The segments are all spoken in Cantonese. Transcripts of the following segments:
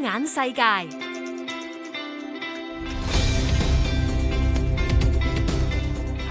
眼世界。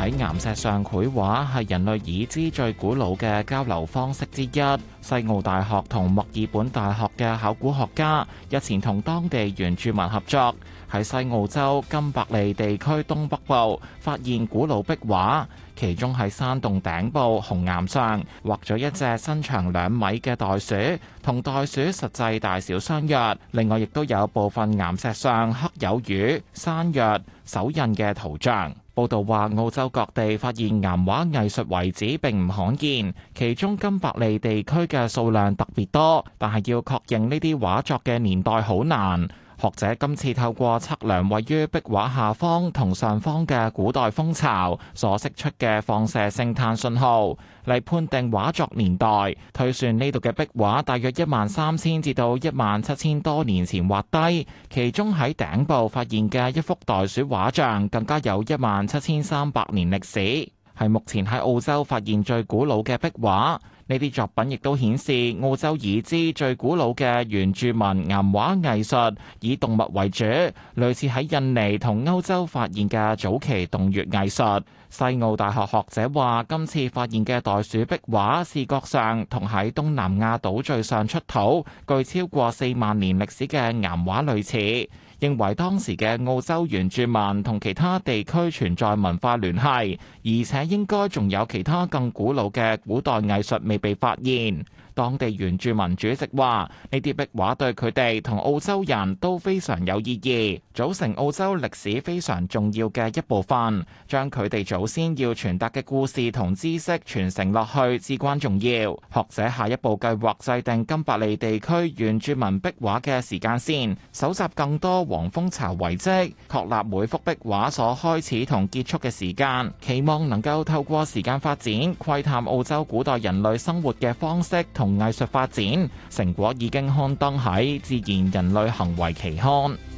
喺岩石上繪畫係人類已知最古老嘅交流方式之一。西澳大學同墨爾本大學嘅考古學家日前同當地原住民合作，喺西澳洲金伯利地區東北部發現古老壁畫，其中喺山洞頂部紅岩上畫咗一隻身長兩米嘅袋鼠，同袋鼠實際大小相若。另外，亦都有部分岩石上刻有魚、山藥、手印嘅圖像。報道話，澳洲各地發現岩畫藝術遺址並唔罕見，其中金伯利地區嘅數量特別多，但係要確認呢啲畫作嘅年代好難。學者今次透過測量位於壁畫下方同上方嘅古代蜂巢所釋出嘅放射性碳信號，嚟判定畫作年代，推算呢度嘅壁畫大約一萬三千至到一萬七千多年前畫低，其中喺頂部發現嘅一幅袋鼠畫像更加有一萬七千三百年歷史，係目前喺澳洲發現最古老嘅壁畫。呢啲作品亦都顯示澳洲已知最古老嘅原住民岩畫藝術，以動物為主，類似喺印尼同歐洲發現嘅早期洞穴藝術。西澳大學學者話，今次發現嘅袋鼠壁畫視覺上同喺東南亞島嶼上出土、具超過四萬年歷史嘅岩畫類似。認為當時嘅澳洲原住民同其他地區存在文化聯繫，而且應該仲有其他更古老嘅古代藝術未被發現。當地原住民主席話：呢啲壁畫對佢哋同澳洲人都非常有意義，組成澳洲歷史非常重要嘅一部分，將佢哋祖先要傳達嘅故事同知識傳承落去至關重要。學者下一步計劃制定金伯利地區原住民壁畫嘅時間線，先搜集更多黃蜂巢遺跡確立每幅壁畫所開始同結束嘅時間，期望能夠透過時間發展，窺探澳洲古代人類生活嘅方式同藝術發展，成果已經刊登喺《自然人類行為》期刊。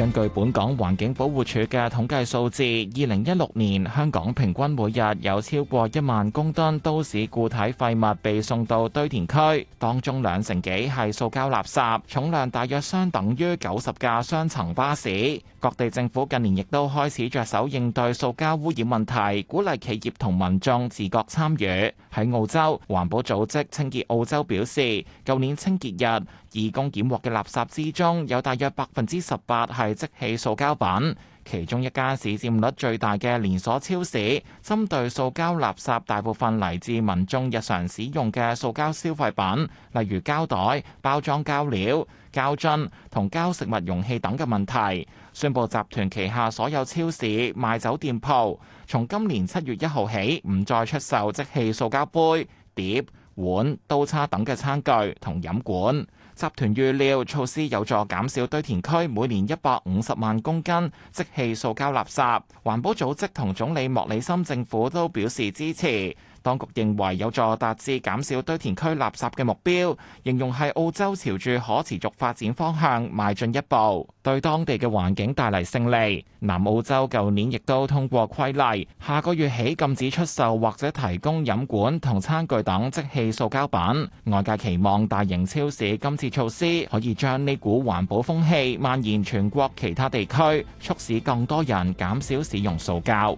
根據本港環境保護署嘅統計數字，二零一六年香港平均每日有超過一萬公噸都市固體廢物被送到堆填區，當中兩成幾係塑膠垃圾，重量大約相等於九十架雙層巴士。各地政府近年亦都開始着手應對塑膠污染問題，鼓勵企業同民眾自覺參與。喺澳洲，環保組織清潔澳洲表示，舊年清潔日義工檢獲嘅垃圾之中，有大約百分之十八係即棄塑膠品，其中一家市佔率最大嘅連鎖超市，針對塑膠垃圾大部分嚟自民眾日常使用嘅塑膠消費品，例如膠袋、包裝膠料、膠樽同膠食物容器等嘅問題，宣布集團旗下所有超市賣酒店鋪，從今年七月一號起，唔再出售即棄塑膠杯、碟、碗、刀叉等嘅餐具同飲管。集團預料措施有助減少堆填區每年一百五十萬公斤即棄塑膠垃圾，環保組織同總理莫里森政府都表示支持。當局認為有助達至減少堆填區垃圾嘅目標，形容係澳洲朝住可持續發展方向邁進一步，對當地嘅環境帶嚟勝利。南澳洲舊年亦都通過規例，下個月起禁止出售或者提供飲管同餐具等即棄塑膠品。外界期望大型超市今次措施可以將呢股環保風氣蔓延全國其他地區，促使更多人減少使用塑膠。